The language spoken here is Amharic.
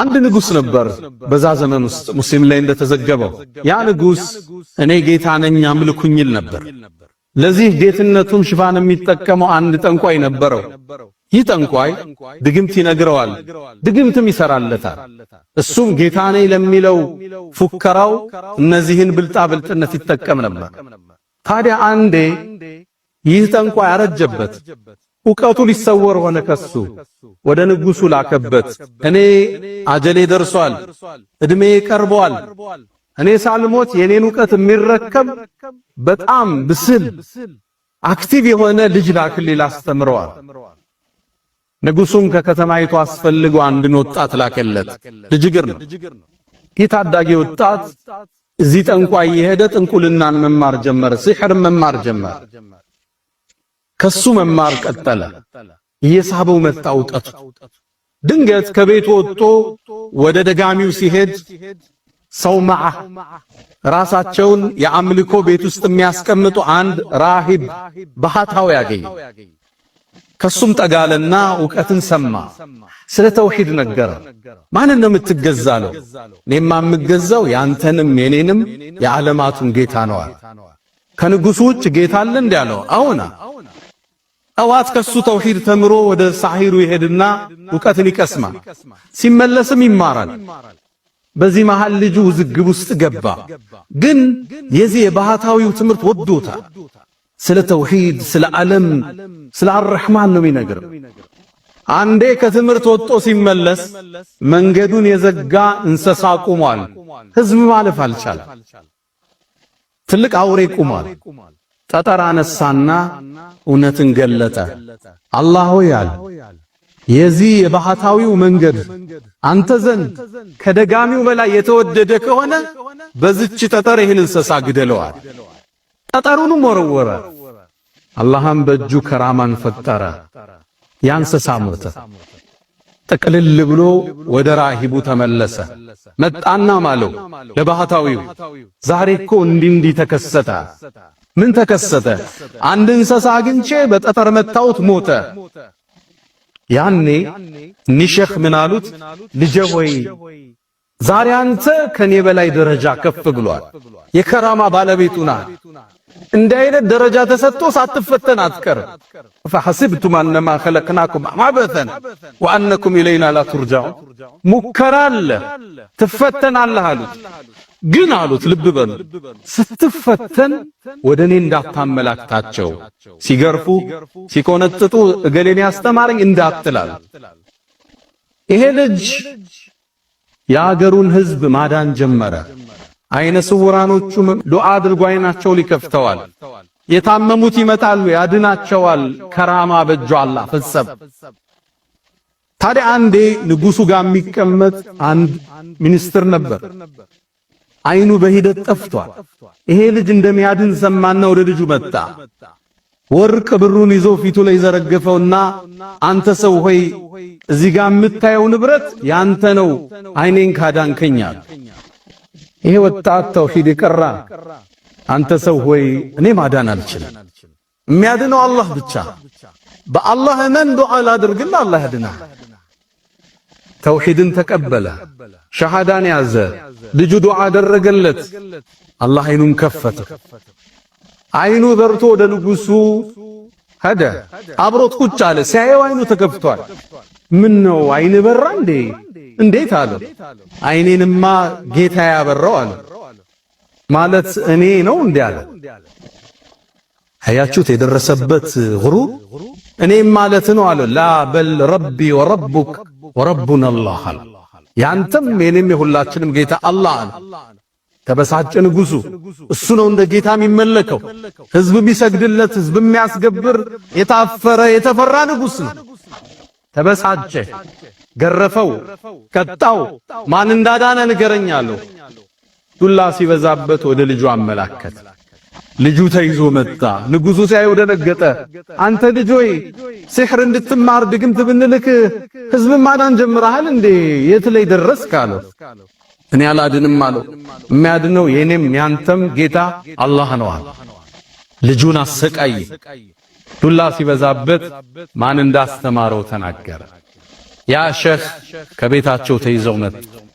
አንድ ንጉስ ነበር በዛ ዘመን ውስጥ ሙስሊም ላይ እንደተዘገበው። ያ ንጉስ እኔ ጌታ ነኝ አምልኩኝ ይል ነበር። ለዚህ ጌትነቱም ሽፋን የሚጠቀመው አንድ ጠንቋይ ነበረው። ይህ ጠንቋይ ድግምት ይነግረዋል፣ ድግምትም ይሰራለታል። እሱም ጌታ ነኝ ለሚለው ፉከራው እነዚህን ብልጣ ብልጥነት ይጠቀም ነበር። ታዲያ አንዴ ይህ ጠንቋይ አረጀበት። እውቀቱ ሊሰወር ሆነ ከሱ። ወደ ንጉሱ ላከበት። እኔ አጀሌ ደርሷል፣ እድሜ ቀርቧል። እኔ ሳልሞት የኔን እውቀት የሚረከብ በጣም ብስል አክቲቭ የሆነ ልጅ ላክልኝ ላስተምረዋል። ንጉሱም ከከተማይቱ አስፈልጎ አንድን ወጣት ላከለት። ልጅ ግር ነው። ይህ ታዳጊ ወጣት እዚህ ጠንቋይ የሄደ ጥንቁልናን መማር ጀመረ፣ ሲሕር መማር ጀመረ። ከሱ መማር ቀጠለ። እየሳበው መጣ እውቀቱ። ድንገት ከቤት ወጥቶ ወደ ደጋሚው ሲሄድ ሰው መዓ ራሳቸውን የአምልኮ ቤት ውስጥ የሚያስቀምጡ አንድ ራሂብ ባህታዊ ያገኘ። ከሱም ጠጋለና እውቀትን ሰማ። ስለ ተውሂድ ነገረ። ማንን ነው የምትገዛለው? እኔማ የምገዛው ያንተንም የኔንም የዓለማቱን ጌታ ነዋል። ከንጉሱ ውጭ ጌታ አለ እንዲያለው አሁና ጠዋት ከሱ ተውሂድ ተምሮ ወደ ሳሒሩ ይሄድና እውቀትን ይቀስማል። ሲመለስም ይማራል። በዚህ መሃል ልጁ ውዝግብ ውስጥ ገባ። ግን የዚህ የባህታዊው ትምህርት ወዶታ ስለ ተውሂድ፣ ስለ ዓለም፣ ስለ አርሕማን ነው የሚነግረው። አንዴ ከትምህርት ወጦ ሲመለስ መንገዱን የዘጋ እንስሳ ቁሟል። ህዝብ ማለፍ አልቻለም። ትልቅ አውሬ ቁሟል። ጠጠር አነሳና እውነትን ገለጠ። አላህ ሆይ አለ የዚህ የባህታዊው መንገድ አንተ ዘንድ ከደጋሚው በላይ የተወደደ ከሆነ በዝች ጠጠር ይህን እንስሳ ግደለዋል። ጠጠሩንም ወረወረ። አላህም በእጁ ከራማን ፈጠረ። ያ እንስሳ ሞተ። ጥቅልል ብሎ ወደ ራሂቡ ተመለሰ። መጣና ማለው ለባህታዊው ዛሬ እኮ እንዲህ እንዲህ ተከሰተ ምን ተከሰተ? አንድ እንስሳ አግኝቼ በጠፈር መታውት ሞተ። ያኔ እኒህ ሼኽ ምን አሉት? ልጄ ሆይ ዛሬ አንተ ከኔ በላይ ደረጃ ከፍ ብሏል። የከራማ ባለቤቱና ናት። እንዲህ አይነት ደረጃ ተሰጥቶ ሳትፈተን አትቀር። ፈሐሲብቱም አነማ ኸለቅናኩም አበተን ወአነኩም ኢለይና ላ ቱርጃዑን። ሙከራ አለ ትፈተናለህ አሉት። ግን አሉት፣ ልብ በሉ ስትፈተን ወደ እኔ እንዳታመላክታቸው፣ ሲገርፉ ሲቆነጥጡ እገሌን ያስተማረኝ እንዳትላል። ይሄ ልጅ የአገሩን ህዝብ ማዳን ጀመረ። አይነ ስውራኖቹም ዱዓ አድርጎ አይናቸው ይከፍተዋል። የታመሙት ይመጣሉ፣ ያድናቸዋል። ከራማ በጁ አላህ ፈጸመ። ታዲያ አንዴ ንጉሱ ጋር የሚቀመጥ አንድ ሚኒስትር ነበር። አይኑ በሂደት ጠፍቷል። ይሄ ልጅ እንደሚያድን ሰማና ወደ ልጁ መጣ። ወርቅ ብሩን ይዞ ፊቱ ላይ ዘረገፈውና አንተ ሰው ሆይ እዚህ ጋር የምታየው ንብረት ያንተ ነው፣ አይኔን ካዳንከኛል። ይሄ ወጣት ተውሂድ ይቀራ። አንተ ሰው ሆይ እኔ ማዳን አልችልም፣ የሚያድነው አላህ ብቻ። በአላህ እመን፣ ዱዓ ላድርግና አላህ ያድናል። ተውሂድን ተቀበለ፣ ሸሃዳን ያዘ። ልጁ ዱዓ አደረገለት፣ አላህ አይኑን ከፈተ። አይኑ በርቶ ወደ ንጉሱ ሄደ። አብሮት ቁጭ አለ። ሲያየው አይኑ ተከፍቷል። ምን ነው አይን በራ እንዴ? እንዴት አለ። አይኔንማ ጌታ ያበራው አለ። ማለት እኔ ነው እንዴ አለ አያችሁት? የደረሰበት ጉሩር እኔም ማለት ነው አለ። ላ በል ረቢ ወረቡክ ወረቡና አላህ አለ። ያንተም የኔም የሁላችንም ጌታ አላህ አለ። ተበሳጨ ንጉሱ እሱ ነው እንደ ጌታ የሚመለከው፣ ህዝብ የሚሰግድለት፣ ህዝብ የሚያስገብር የታፈረ የተፈራ ንጉስ ነው። ተበሳጨ፣ ገረፈው፣ ቀጣው። ማን እንዳዳነ ንገረኛለሁ። ዱላ ሲበዛበት ወደ ልጁ አመላከት ልጁ ተይዞ መጣ። ንጉሡ ሲያየው ደነገጠ። አንተ ልጅ ሆይ ሲሕር እንድትማር ድግምት ብንልክ ህዝብ ማዳን ጀምረሃል እንዴ? የት ላይ ደረስክ አለው። እኔ አላድንም አለው። የሚያድነው የኔም ያንተም ጌታ አላህ ነው አለ። ልጁን አሰቃየ። ዱላ ሲበዛበት ማን እንዳስተማረው ተናገረ። ያ ሼኽ ከቤታቸው ተይዘው መጡ።